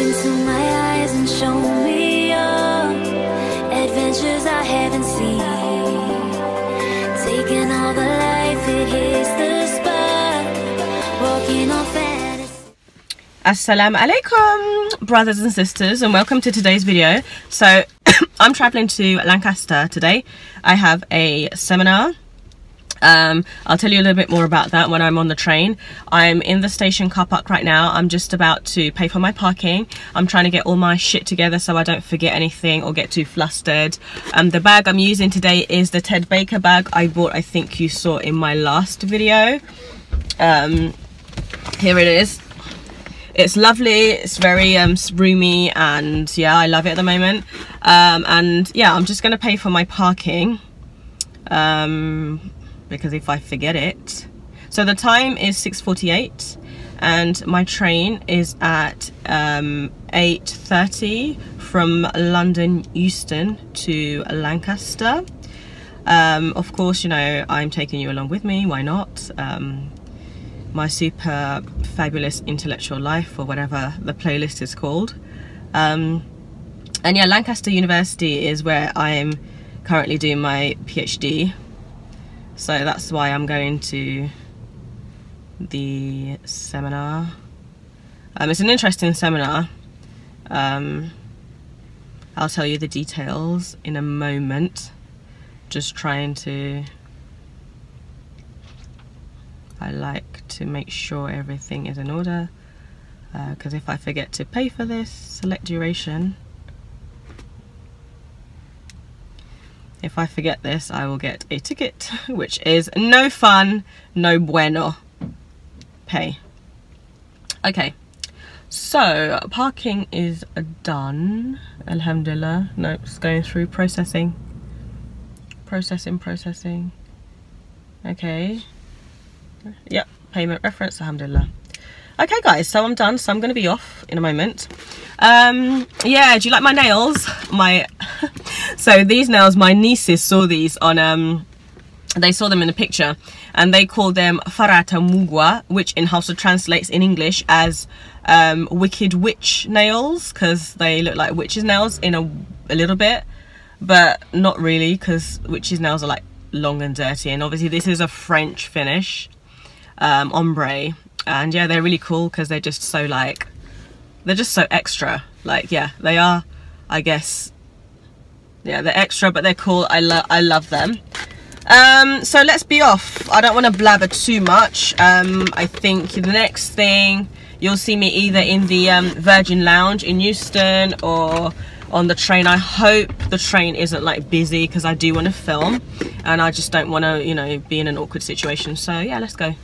into my eyes and show me all adventures I haven't seen. Taking all the life, Walking Assalamu alaikum, brothers and sisters, and welcome to today's video. So, I'm traveling to Lancaster today. I have a seminar um, I'll tell you a little bit more about that when I'm on the train. I'm in the station car park right now. I'm just about to pay for my parking. I'm trying to get all my shit together so I don't forget anything or get too flustered. Um, the bag I'm using today is the Ted Baker bag I bought, I think you saw in my last video. Um, here it is. It's lovely, it's very um, roomy and yeah, I love it at the moment. Um, and yeah, I'm just gonna pay for my parking um because if I forget it. So the time is 6.48 and my train is at um, 8.30 from London Euston to Lancaster. Um, of course, you know, I'm taking you along with me, why not? Um, my super fabulous intellectual life or whatever the playlist is called. Um, and yeah, Lancaster University is where I'm currently doing my PhD so that's why I'm going to the seminar. Um, it's an interesting seminar. Um, I'll tell you the details in a moment. Just trying to... I like to make sure everything is in order because uh, if I forget to pay for this, select duration, If I forget this, I will get a ticket, which is no fun, no bueno. Pay. Okay, so parking is done. Alhamdulillah. Nope, it's going through processing. Processing, processing. Okay. Yep, payment reference, alhamdulillah okay guys so i'm done so i'm gonna be off in a moment um yeah do you like my nails my so these nails my nieces saw these on um they saw them in a the picture and they called them farata mugwa which in Hausa translates in English as um, wicked witch nails because they look like witches nails in a, a little bit but not really because witches nails are like long and dirty and obviously this is a French finish um, ombre and yeah they're really cool because they're just so like they're just so extra like yeah they are I guess yeah they're extra but they're cool I love I love them um, so let's be off I don't want to blabber too much um, I think the next thing you'll see me either in the um, Virgin Lounge in Euston or on the train I hope the train isn't like busy because I do want to film and I just don't want to you know be in an awkward situation so yeah let's go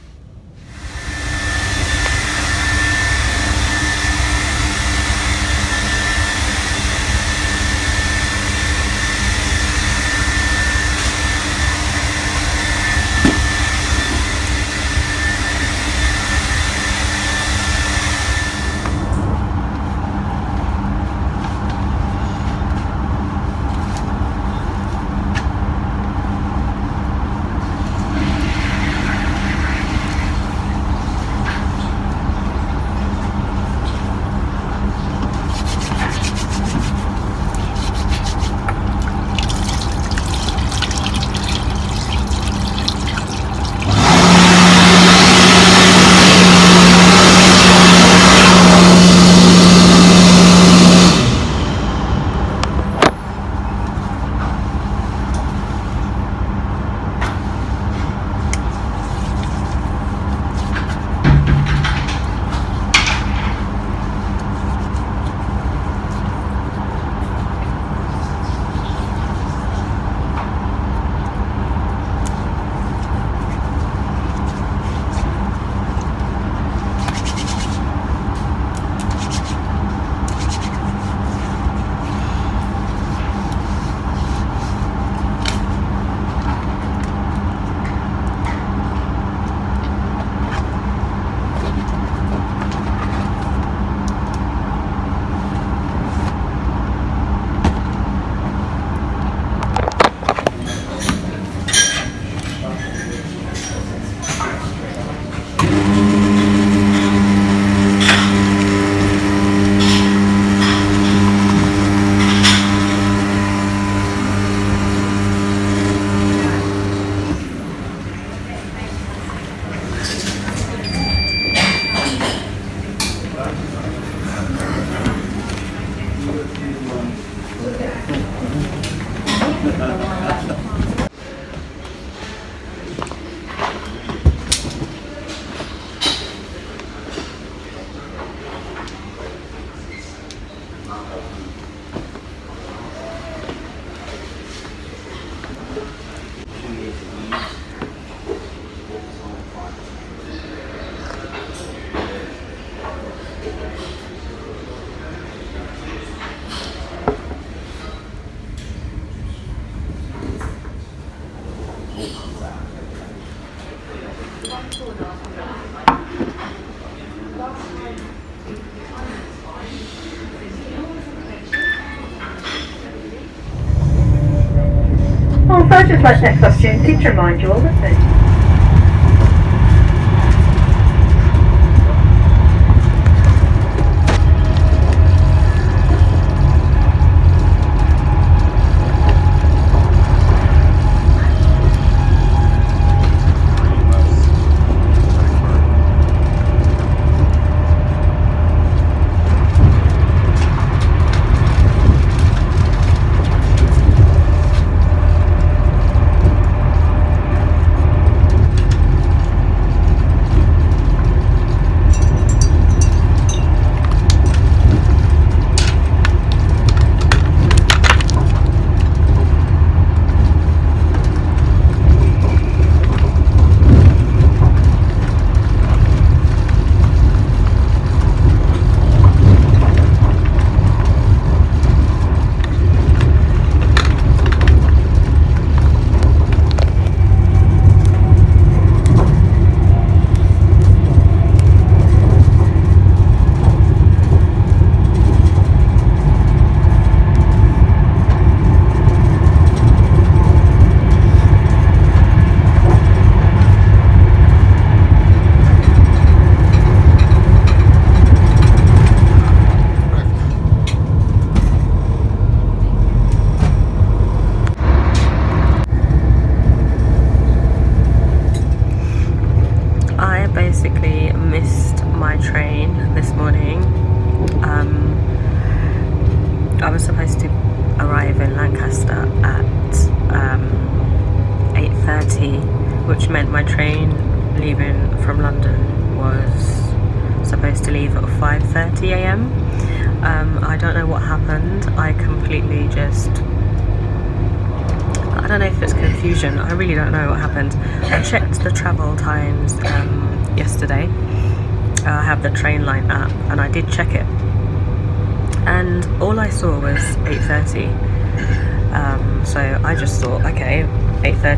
next question, please remind you all that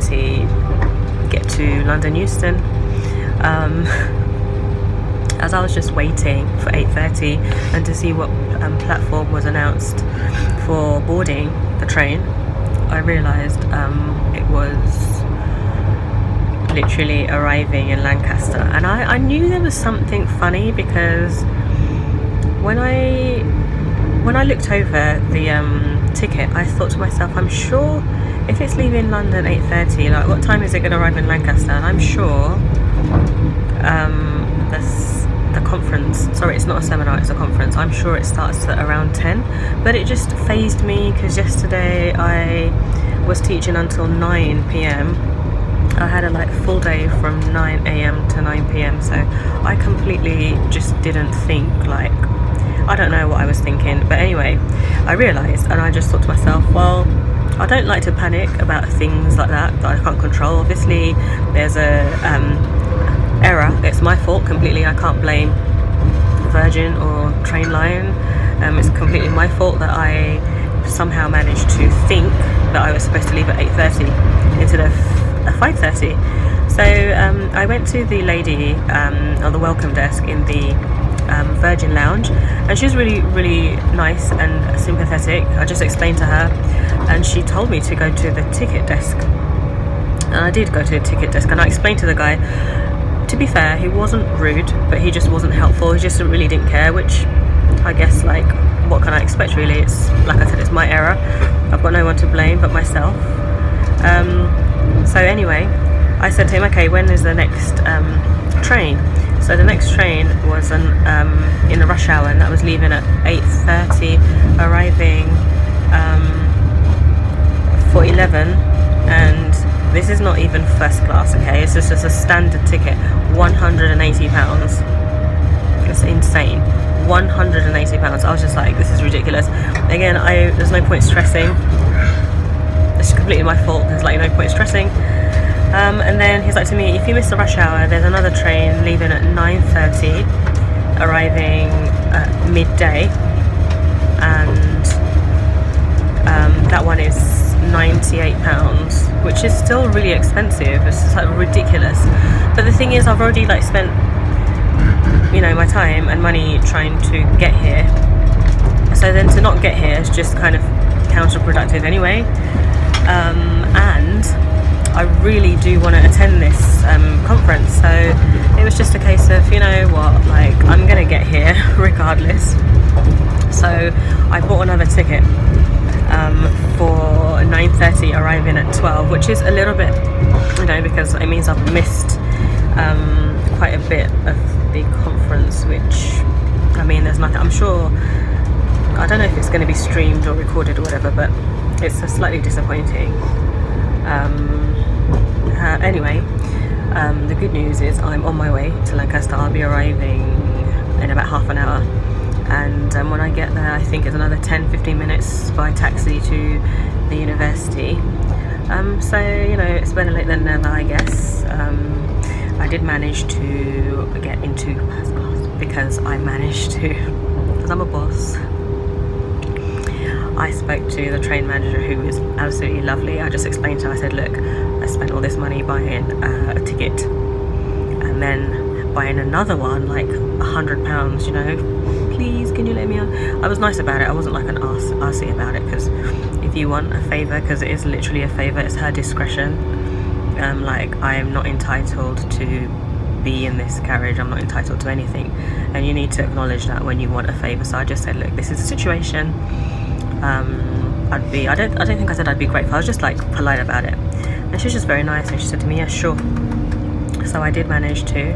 6.30 get to London Euston um, as I was just waiting for 8.30 and to see what um, platform was announced for boarding the train I realised um, it was literally arriving in Lancaster and I, I knew there was something funny because when I when I looked over the um, ticket I thought to myself I'm sure if It is leaving London 8.30, like what time is it going to arrive in Lancaster? And I'm sure um, this, the conference, sorry it's not a seminar, it's a conference, I'm sure it starts at around 10. But it just phased me because yesterday I was teaching until 9pm I had a like full day from 9am to 9pm so I completely just didn't think like I don't know what I was thinking but anyway I realised and I just thought to myself well I don't like to panic about things like that that I can't control. Obviously, there's a um, error. It's my fault completely. I can't blame Virgin or Trainline. Um, it's completely my fault that I somehow managed to think that I was supposed to leave at 8.30 instead of 5.30. So um, I went to the lady um, on the welcome desk in the um, Virgin Lounge and she was really really nice and sympathetic I just explained to her and she told me to go to the ticket desk and I did go to the ticket desk and I explained to the guy to be fair he wasn't rude but he just wasn't helpful he just really didn't care which I guess like what can I expect really it's like I said it's my error I've got no one to blame but myself um, so anyway I said to him okay when is the next um, train so the next train was an, um, in the rush hour and that was leaving at 8.30, arriving um, for 11 and this is not even first class, okay? This is just a standard ticket, £180. It's insane. £180. I was just like, this is ridiculous. Again, I there's no point stressing. It's completely my fault. There's like no point stressing. Um, and then he's like to me, if you miss the rush hour, there's another train leaving at 9.30, arriving at midday. And um, that one is £98, which is still really expensive. It's just like ridiculous. But the thing is, I've already like spent, you know, my time and money trying to get here. So then to not get here is just kind of counterproductive anyway. Um, and I really do want to attend this um, conference. So it was just a case of, you know what, like I'm going to get here regardless. So I bought another ticket um, for 9.30 arriving at 12, which is a little bit, you know, because it means I've missed um, quite a bit of the conference, which, I mean, there's nothing, I'm sure, I don't know if it's going to be streamed or recorded or whatever, but it's slightly disappointing. Um, uh, anyway, um, the good news is I'm on my way to Lancaster. I'll be arriving in about half an hour. And um, when I get there, I think it's another 10 15 minutes by taxi to the university. Um, so, you know, it's better late than never, I guess. Um, I did manage to get into first class because I managed to, because I'm a boss. I spoke to the train manager who was absolutely lovely. I just explained to her, I said, look, I spent all this money buying uh, a ticket and then buying another one, like a hundred pounds, you know, please can you let me on? I was nice about it. I wasn't like an arse, arsey about it because if you want a favor, because it is literally a favor, it's her discretion. Um, like I am not entitled to be in this carriage I'm not entitled to anything and you need to acknowledge that when you want a favor so I just said look this is a situation um, I'd be, I don't, I don't think I said I'd be grateful, I was just like polite about it. And she was just very nice and she said to me, yeah, sure. So I did manage to.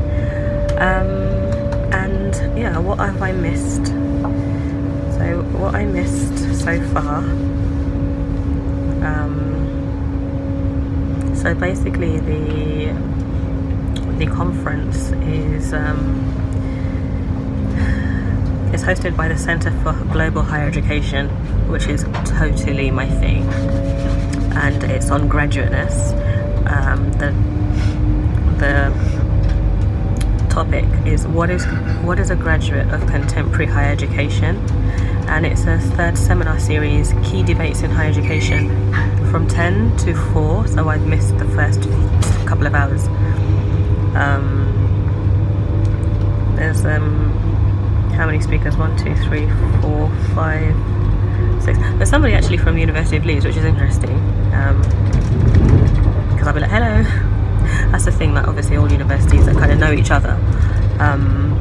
Um, and yeah, what have I missed? So what I missed so far, um, so basically the, the conference is, um, it's hosted by the Centre for Global Higher Education, which is totally my thing. And it's on graduateness. Um, the, the topic is what is what is a graduate of contemporary higher education? And it's a third seminar series, Key Debates in Higher Education, from 10 to 4, so I've missed the first couple of hours. Um, there's um, how many speakers? One, two, three, four, five, six. There's somebody actually from University of Leeds, which is interesting. Because um, I'll be like, hello. That's the thing that like, obviously all universities that kind of know each other. Um,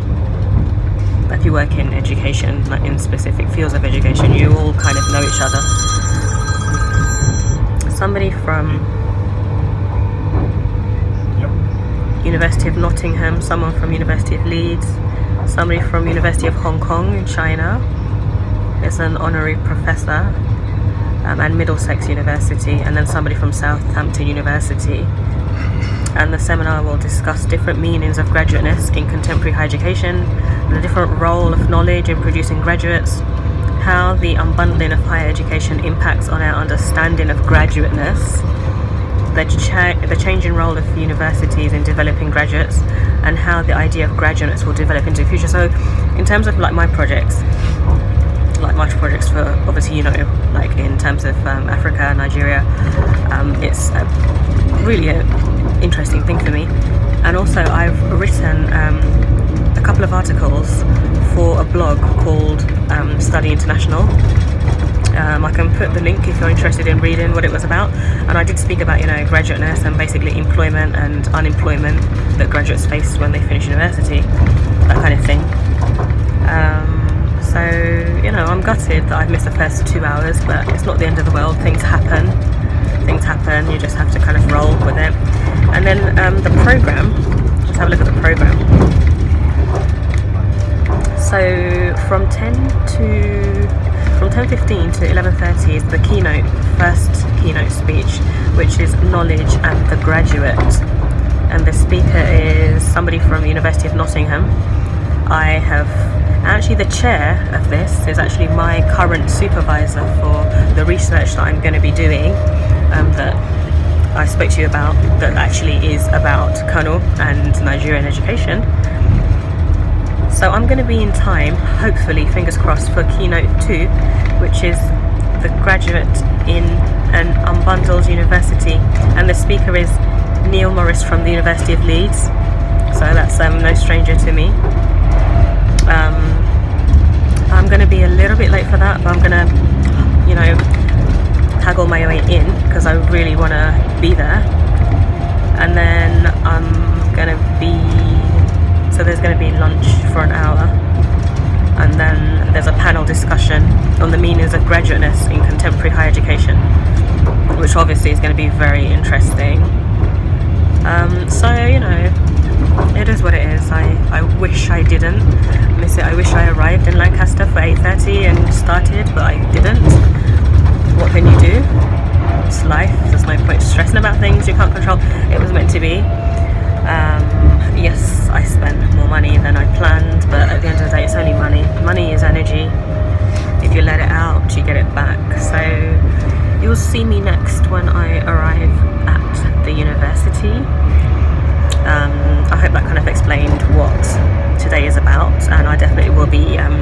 if you work in education, like in specific fields of education, you all kind of know each other. Somebody from University of Nottingham, someone from University of Leeds, somebody from University of Hong Kong in China is an honorary professor um, Middlesex University and then somebody from Southampton University and the seminar will discuss different meanings of graduateness in contemporary higher education the different role of knowledge in producing graduates how the unbundling of higher education impacts on our understanding of graduateness the, cha the changing role of universities in developing graduates and how the idea of graduates will develop into the future. So, in terms of like my projects, like my projects for obviously you know like in terms of um, Africa, Nigeria, um, it's a, really an interesting thing for me. And also, I've written um, a couple of articles for a blog called um, Study International um, I can put the link if you're interested in reading what it was about. And I did speak about, you know, graduate nurse and basically employment and unemployment that graduates face when they finish university, that kind of thing. Um, so, you know, I'm gutted that I've missed the first two hours, but it's not the end of the world. Things happen. Things happen. You just have to kind of roll with it. And then um, the program, let's have a look at the program. So, from 10 to from 10.15 to 11.30 is the keynote, first keynote speech, which is Knowledge and the Graduate. And the speaker is somebody from the University of Nottingham. I have, actually the chair of this is actually my current supervisor for the research that I'm going to be doing um, that I spoke to you about, that actually is about colonel and Nigerian education. So I'm going to be in time, hopefully, fingers crossed, for Keynote 2, which is the graduate in an unbundled university. And the speaker is Neil Morris from the University of Leeds. So that's um, no stranger to me. Um, I'm going to be a little bit late for that, but I'm going to, you know, haggle my way in because I really want to be there. And then I'm going to be so there's going to be lunch for an hour and then there's a panel discussion on the meanings of graduateness in contemporary higher education, which obviously is going to be very interesting. Um, so, you know, it is what it is. I, I wish I didn't miss it. I wish I arrived in Lancaster for 8.30 and started, but I didn't. What can you do? It's life. There's no point stressing about things you can't control. It was meant to be. Um, yes, I spent more money than I planned, but at the end of the day, it's only money. Money is energy. If you let it out, you get it back. So you'll see me next when I arrive at the university. Um, I hope that kind of explained what today is about, and I definitely will be, um,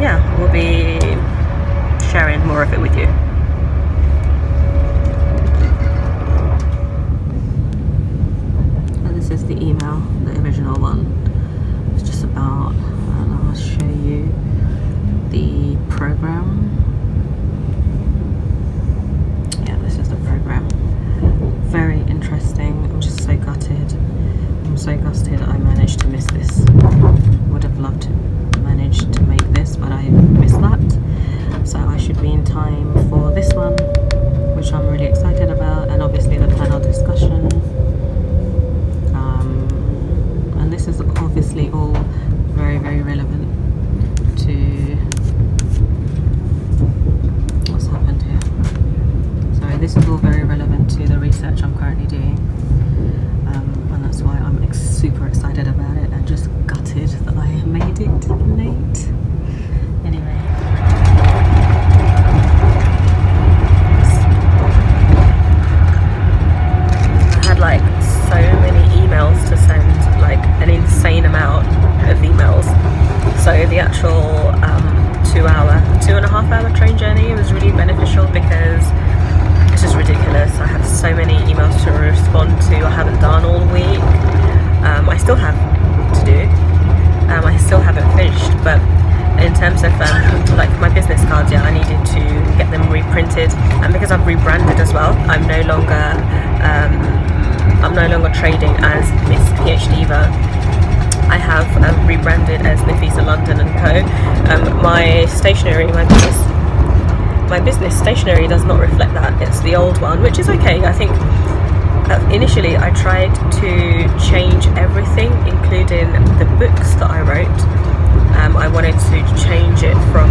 yeah, will be sharing more of it with you. this is the email, the original one. It's just about, and I'll show you the program and because I've rebranded as well, I'm no longer um, I'm no longer trading as Miss PH Diva. I have um, rebranded as Nifisa London and Co. Um, my stationery, my business, my business stationery does not reflect that. It's the old one, which is okay. I think uh, initially I tried to change everything, including the books that I wrote. Um, I wanted to change it from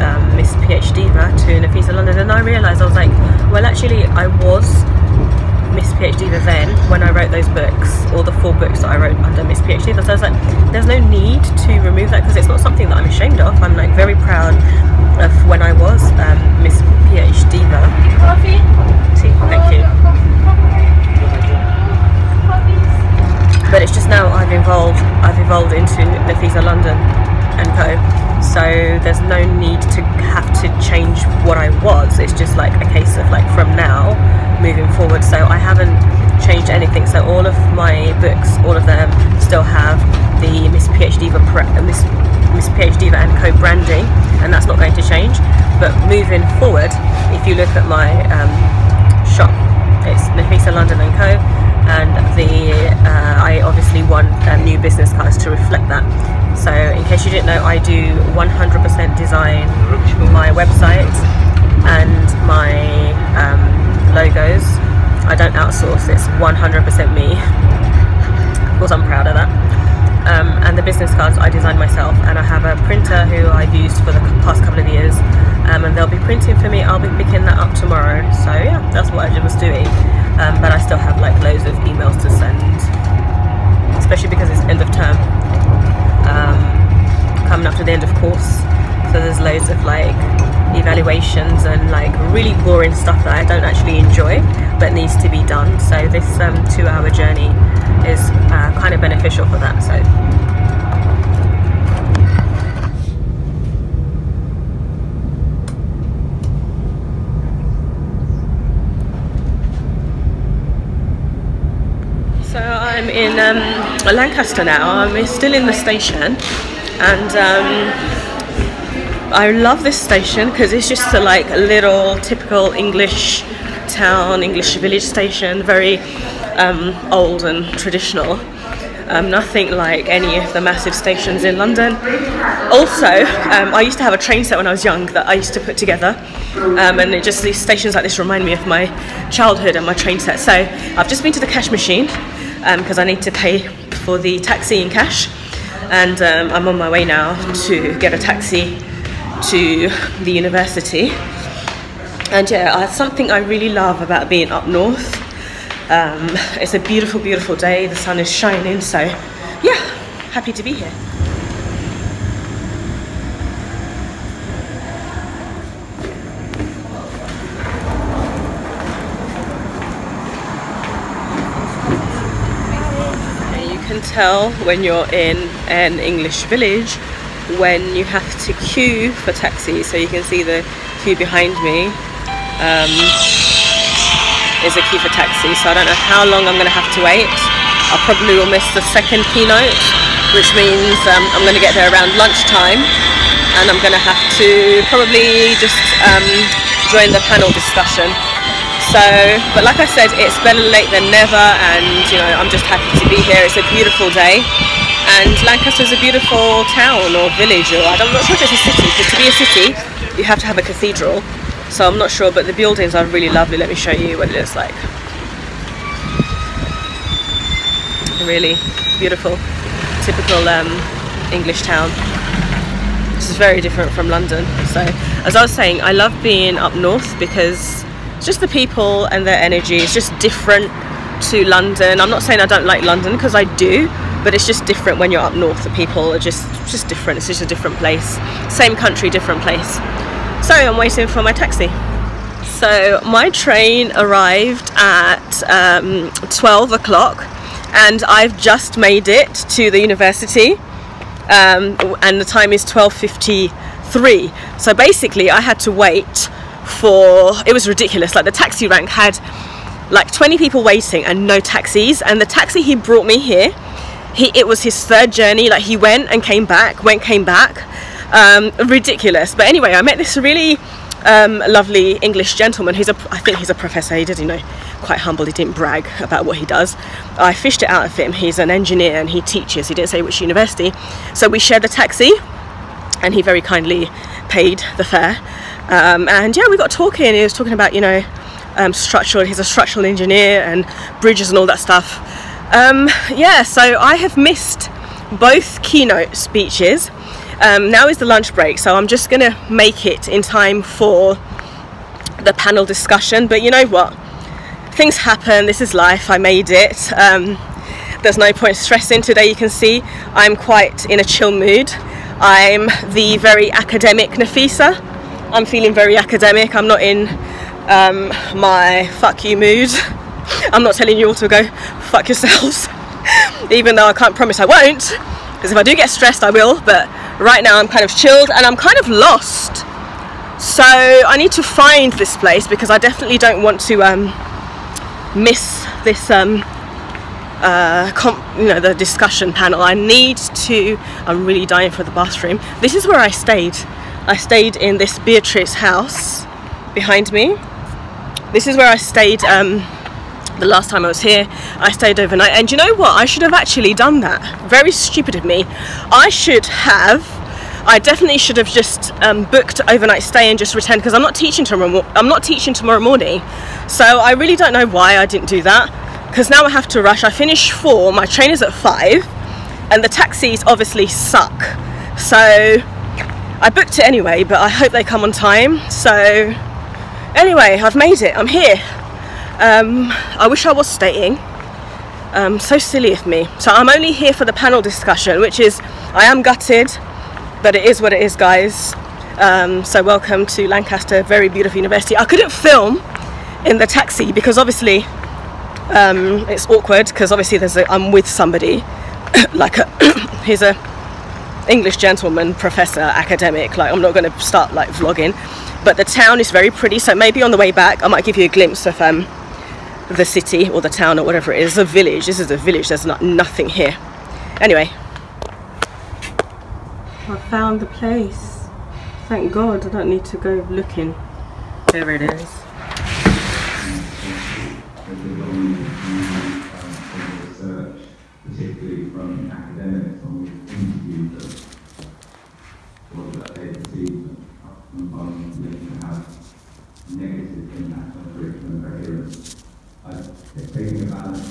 um, Miss PhD to Nafisa London and I realised I was like well actually I was Miss PhD then when I wrote those books or the four books that I wrote under Miss PhD so I was like there's no need to remove that because it's not something that I'm ashamed of I'm like very proud of when I was um, Miss PhD coffee tea thank you oh, but it's just now I've evolved I've evolved into Nafisa London and Co. So there's no need to have to change what I was. It's just like a case of like from now moving forward. So I haven't changed anything. So all of my books, all of them, still have the Miss PhD Diva Miss Miss PhD Diva and Co branding, and that's not going to change. But moving forward, if you look at my um, shop, it's Nafisa London and Co and the uh, I obviously want um, new business cards to reflect that. So in case you didn't know, I do 100% design my website and my um, logos. I don't outsource, it's 100% me. Of course I'm proud of that. Um, and the business cards I designed myself and I have a printer who I've used for the past couple of years um, and they'll be printing for me. I'll be picking that up tomorrow. So yeah, that's what I was doing um, but I still have like loads of emails to send especially because it's end of term um, coming up to the end of course so there's loads of like evaluations and like really boring stuff that I don't actually enjoy but needs to be done so this um, two hour journey is uh, kind of beneficial for that so I'm in um, Lancaster now. I'm still in the station, and um, I love this station because it's just a, like a little typical English town, English village station, very um, old and traditional. Um, nothing like any of the massive stations in London. Also, um, I used to have a train set when I was young that I used to put together, um, and just these stations like this remind me of my childhood and my train set. So I've just been to the cash machine because um, I need to pay for the taxi in cash and um, I'm on my way now to get a taxi to the university. And yeah, something I really love about being up north. Um, it's a beautiful, beautiful day. The sun is shining, so yeah, happy to be here. tell when you're in an English village when you have to queue for taxis. So you can see the queue behind me um, is a queue for taxi. So I don't know how long I'm going to have to wait. I probably will miss the second keynote, which means um, I'm going to get there around lunchtime and I'm going to have to probably just um, join the panel discussion. So, but like I said, it's better late than never, and you know, I'm just happy to be here. It's a beautiful day, and Lancaster is a beautiful town or village, or I'm not sure if it's a city, but to be a city, you have to have a cathedral. So, I'm not sure, but the buildings are really lovely. Let me show you what it looks like. Really beautiful, typical um, English town This is very different from London. So, as I was saying, I love being up north because just the people and their energy. It's just different to London. I'm not saying I don't like London because I do, but it's just different when you're up north. The people are just just different. It's just a different place. Same country, different place. So I'm waiting for my taxi. So my train arrived at um, 12 o'clock and I've just made it to the university um, and the time is 12.53. So basically I had to wait for it was ridiculous like the taxi rank had like 20 people waiting and no taxis and the taxi he brought me here he it was his third journey like he went and came back went came back um, ridiculous but anyway I met this really um, lovely English gentleman who's a I think he's a professor he did you know quite humble he didn't brag about what he does I fished it out of him he's an engineer and he teaches he didn't say which university so we shared a taxi and he very kindly paid the fare um, and yeah, we got talking. He was talking about, you know, um, structural, he's a structural engineer and bridges and all that stuff. Um, yeah, so I have missed both keynote speeches. Um, now is the lunch break, so I'm just gonna make it in time for the panel discussion. But you know what? Things happen, this is life, I made it. Um, there's no point stressing today, you can see I'm quite in a chill mood. I'm the very academic Nafisa I'm feeling very academic. I'm not in um, my fuck you mood. I'm not telling you all to go fuck yourselves, even though I can't promise I won't, because if I do get stressed, I will. But right now, I'm kind of chilled and I'm kind of lost. So I need to find this place because I definitely don't want to um, miss this, um, uh, you know, the discussion panel. I need to. I'm really dying for the bathroom. This is where I stayed. I stayed in this Beatrice house behind me. This is where I stayed um, the last time I was here. I stayed overnight and you know what? I should have actually done that. Very stupid of me. I should have I definitely should have just um, booked overnight stay and just returned because I'm not teaching tomorrow. I'm not teaching tomorrow morning, so I really don't know why I didn't do that. Because now I have to rush. I finish four. My train is at five, and the taxis obviously suck. So I booked it anyway, but I hope they come on time. So anyway, I've made it. I'm here. Um, I wish I was staying. Um, so silly of me. So I'm only here for the panel discussion, which is, I am gutted, but it is what it is, guys. Um, so welcome to Lancaster, very beautiful university. I couldn't film in the taxi because obviously um, it's awkward because obviously there's a, I'm with somebody, like a, here's a English gentleman, professor, academic. Like, I'm not going to start like vlogging, but the town is very pretty. So maybe on the way back, I might give you a glimpse of um, the city or the town or whatever it is. A village. This is a village. There's not nothing here. Anyway, I found the place. Thank God, I don't need to go looking. There it is.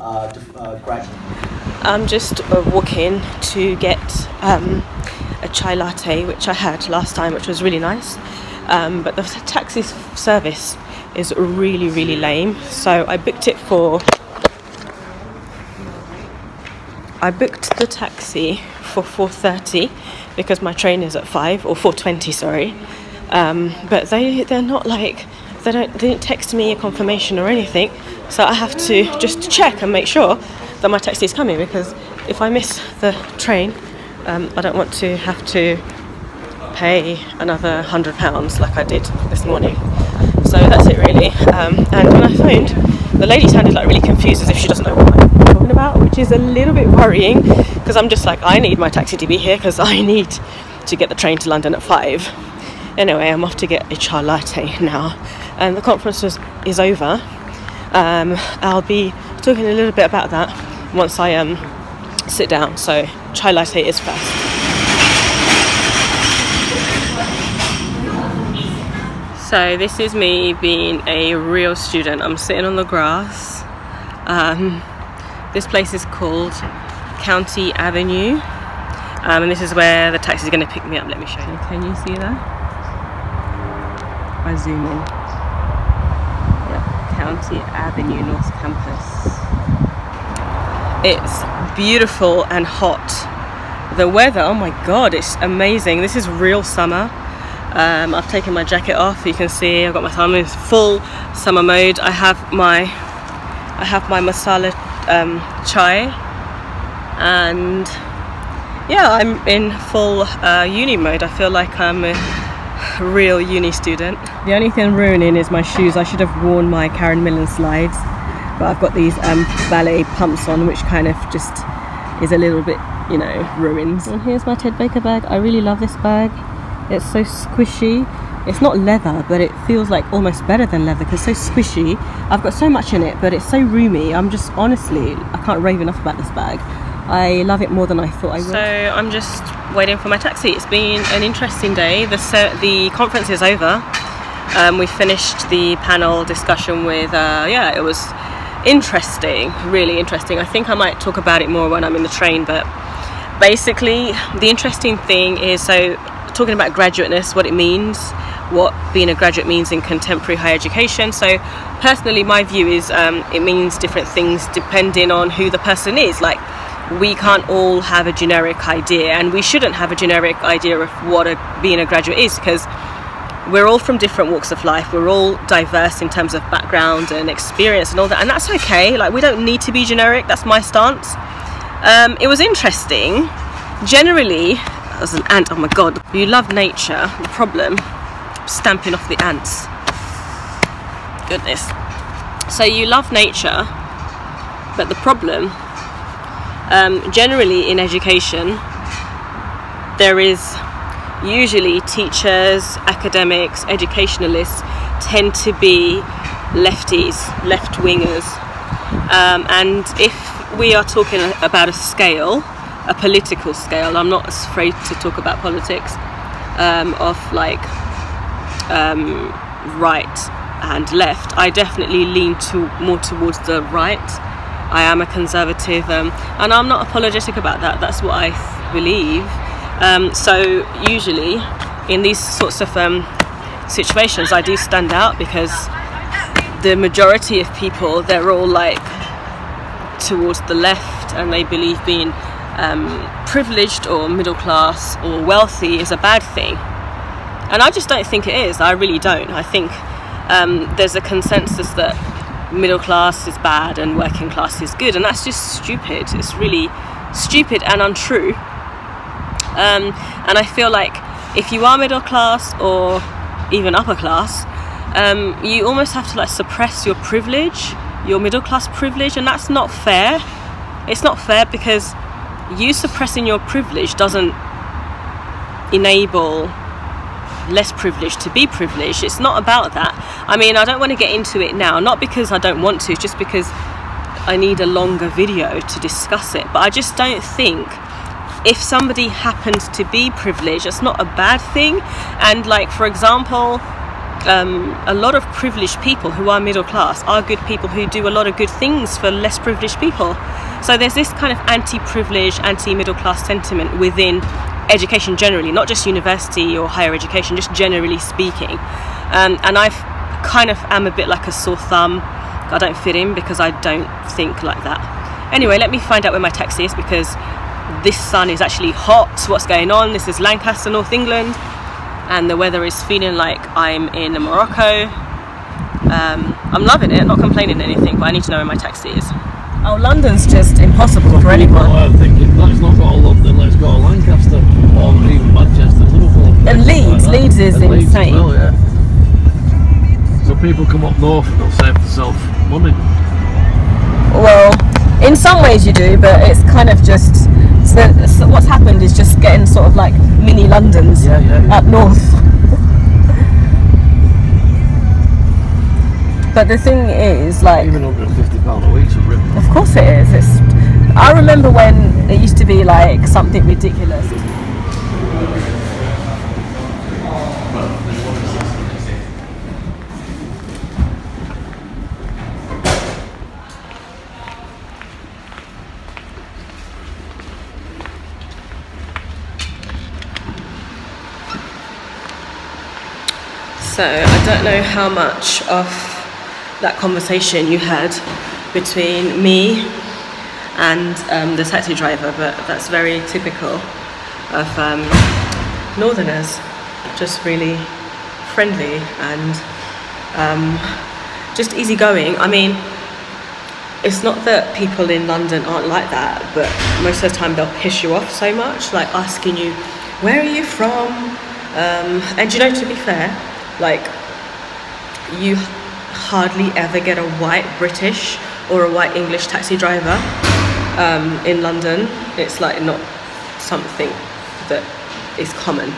uh, uh, I'm just uh, walking to get um, a chai latte, which I had last time, which was really nice. Um, but the taxi service is really, really lame. So I booked it for. I booked the taxi for 4:30 because my train is at five or 4:20, sorry. Um, but they they're not like they, don't, they didn't text me a confirmation or anything, so I have to just check and make sure that my taxi is coming because if I miss the train, um, I don't want to have to pay another £100 like I did this morning. So that's it really. Um, and when I phoned, the lady sounded like really confused as if she doesn't know what I'm talking about, which is a little bit worrying because I'm just like, I need my taxi to be here because I need to get the train to London at five. Anyway, I'm off to get a chai latte now um, the conference was, is over. Um, I'll be talking a little bit about that once I um, sit down. So chai latte is first. So this is me being a real student. I'm sitting on the grass. Um, this place is called County Avenue. Um, and this is where the taxi is going to pick me up. Let me show you. can you see that? I zoom in. Avenue North Campus. It's beautiful and hot. The weather, oh my god, it's amazing. This is real summer. Um, I've taken my jacket off, you can see I've got my thumb in full summer mode. I have my I have my masala um, chai and yeah, I'm in full uh, uni mode. I feel like I'm uh, real uni student. The only thing ruining is my shoes. I should have worn my Karen Millen slides, but I've got these um, ballet pumps on, which kind of just is a little bit, you know, ruined. And here's my Ted Baker bag. I really love this bag. It's so squishy. It's not leather, but it feels like almost better than leather because it's so squishy. I've got so much in it, but it's so roomy. I'm just honestly, I can't rave enough about this bag. I love it more than I thought I would. So I'm just waiting for my taxi. It's been an interesting day. The, the conference is over. Um, we finished the panel discussion with, uh, yeah, it was interesting, really interesting. I think I might talk about it more when I'm in the train, but basically, the interesting thing is so talking about graduateness, what it means, what being a graduate means in contemporary higher education. So, personally, my view is um, it means different things depending on who the person is. Like, we can't all have a generic idea and we shouldn't have a generic idea of what a, being a graduate is because we're all from different walks of life we're all diverse in terms of background and experience and all that and that's okay like we don't need to be generic that's my stance um, it was interesting generally as an ant oh my god you love nature the problem stamping off the ants goodness so you love nature but the problem um, generally, in education, there is usually teachers, academics, educationalists tend to be lefties, left wingers. Um, and if we are talking about a scale, a political scale, I'm not afraid to talk about politics, um, of like um, right and left, I definitely lean to more towards the right I am a conservative, um, and I'm not apologetic about that. That's what I believe. Um, so usually, in these sorts of um, situations, I do stand out because the majority of people they're all like towards the left, and they believe being um, privileged or middle class or wealthy is a bad thing. And I just don't think it is. I really don't. I think um, there's a consensus that middle class is bad and working class is good and that's just stupid it's really stupid and untrue um, and I feel like if you are middle class or even upper class um, you almost have to like suppress your privilege your middle class privilege and that's not fair it's not fair because you suppressing your privilege doesn't enable less privileged to be privileged. It's not about that. I mean, I don't want to get into it now, not because I don't want to, just because I need a longer video to discuss it. But I just don't think if somebody happens to be privileged, it's not a bad thing. And like, for example, um, a lot of privileged people who are middle class are good people who do a lot of good things for less privileged people. So there's this kind of anti privileged anti-middle class sentiment within education generally, not just university or higher education, just generally speaking. Um, and I kind of am a bit like a sore thumb. I don't fit in because I don't think like that. Anyway, let me find out where my taxi is because this sun is actually hot. What's going on? This is Lancaster, North England, and the weather is feeling like I'm in Morocco. Um, I'm loving it, not complaining anything, but I need to know where my taxi is. Oh, London's just impossible for anyone that's not all of the let's go Lancaster or even Manchester, Liverpool. And Leeds, like Leeds is and insane. Leeds well, yeah. So people come up north and they'll save themselves money. Well, in some ways you do, but it's kind of just so, so what's happened is just getting sort of like mini Londons yeah, yeah, yeah. up north. but the thing is, like, even under fifty pound a week, Of course it is. It's I remember when it used to be like something ridiculous. So I don't know how much of that conversation you had between me and um, the taxi driver, but that's very typical of um, Northerners, just really friendly and um, just easygoing. I mean, it's not that people in London aren't like that, but most of the time they'll piss you off so much, like asking you, where are you from? Um, and you know, to be fair, like, you hardly ever get a white British or a white English taxi driver um, in London. It's like not something that is common,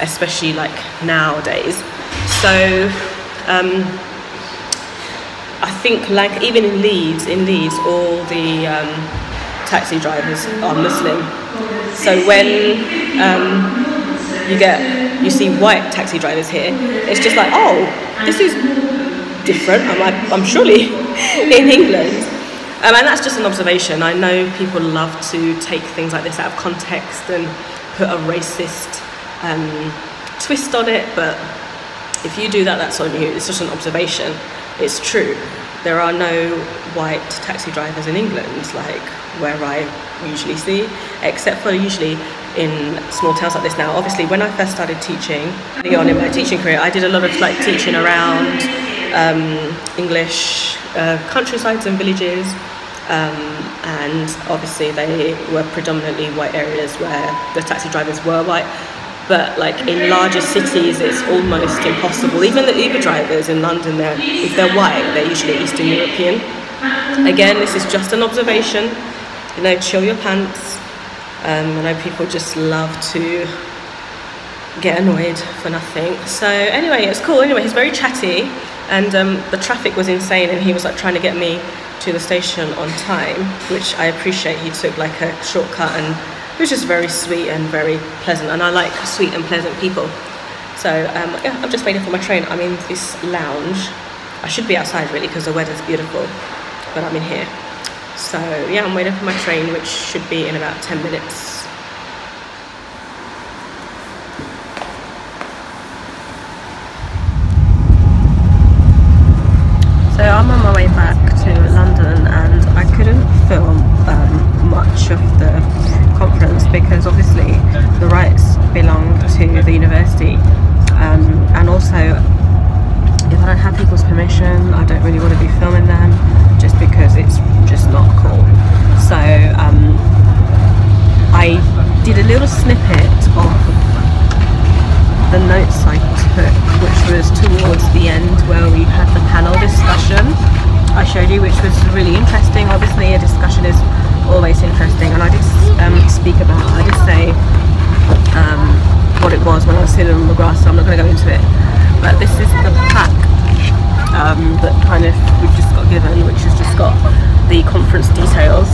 especially like nowadays. So um, I think like even in Leeds, in Leeds, all the um, taxi drivers are Muslim. So when um, you get you see white taxi drivers here, it's just like oh, this is different. I'm like I'm surely in England. Um, and that's just an observation. I know people love to take things like this out of context and put a racist um, twist on it, but if you do that, that's on you. It's just an observation. It's true. There are no white taxi drivers in England, like where I usually see, except for usually in small towns like this now. Obviously, when I first started teaching, early on in my teaching career, I did a lot of like teaching around um, English uh, countrysides and villages um, and obviously they were predominantly white areas where the taxi drivers were white. But like in larger cities, it's almost impossible. Even the Uber drivers in London, they're, if they're white, they're usually Eastern European. Again, this is just an observation. You know, chill your pants. Um, I know people just love to get annoyed for nothing. So anyway, it's cool. Anyway, he's very chatty. And um, the traffic was insane, and he was like trying to get me to the station on time, which I appreciate. He took like a shortcut, and it was just very sweet and very pleasant. And I like sweet and pleasant people. So um, yeah, I'm just waiting for my train. I'm in this lounge. I should be outside really because the weather's beautiful, but I'm in here. So yeah, I'm waiting for my train, which should be in about 10 minutes. back to London and I couldn't film um, much of the conference because obviously the rights belong to the university um, and also if I don't have people's permission I don't really want to be filming them just because it's just not cool so um, I did a little snippet of the notes I took which was towards the end where we had the panel discussion I showed you, which was really interesting. Obviously, a discussion is always interesting, and I did um, speak about, I did say um, what it was when I was sitting on the grass. so I'm not going to go into it. But this is the pack um, that kind of we've just got given, which has just got the conference details.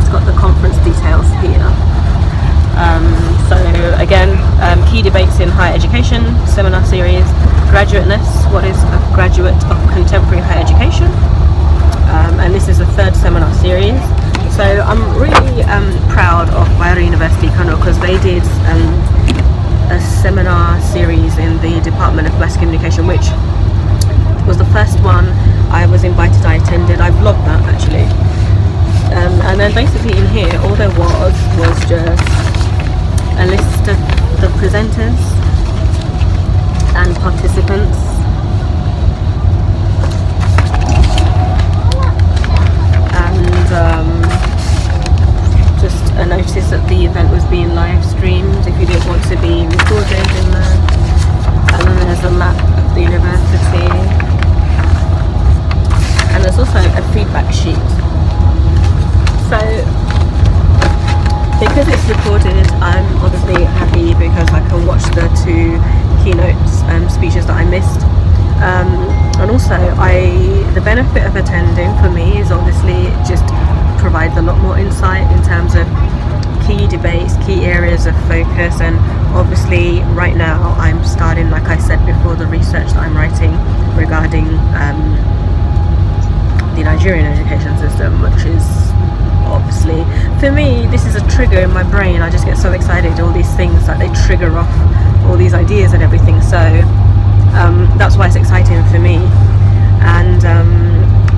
It's got the conference details here. Um, so again, um, key debates in higher education seminar series. Graduateness. what is a graduate of contemporary higher education? Um, and this is the third seminar series. So I'm really um, proud of Bayero University Kano because they did um, a seminar series in the Department of Mass Communication, which was the first one I was invited, I attended, I vlogged that actually. Um, and then basically in here, all there was was just a list of the presenters for me this is a trigger in my brain I just get so excited all these things like they trigger off all these ideas and everything so um, that's why it's exciting for me and um,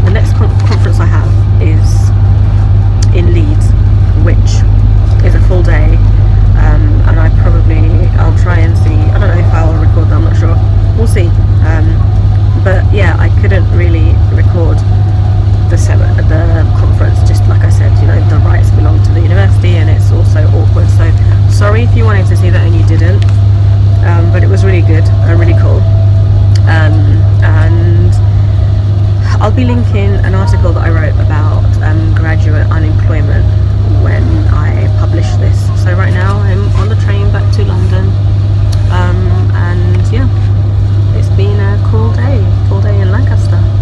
the next con conference I have is in Leeds which is a full day um, and I probably sorry if you wanted to see that and you didn't, um, but it was really good and really cool. Um, and I'll be linking an article that I wrote about um, graduate unemployment when I publish this. So right now I'm on the train back to London, um, and yeah, it's been a cool day, cool day in Lancaster.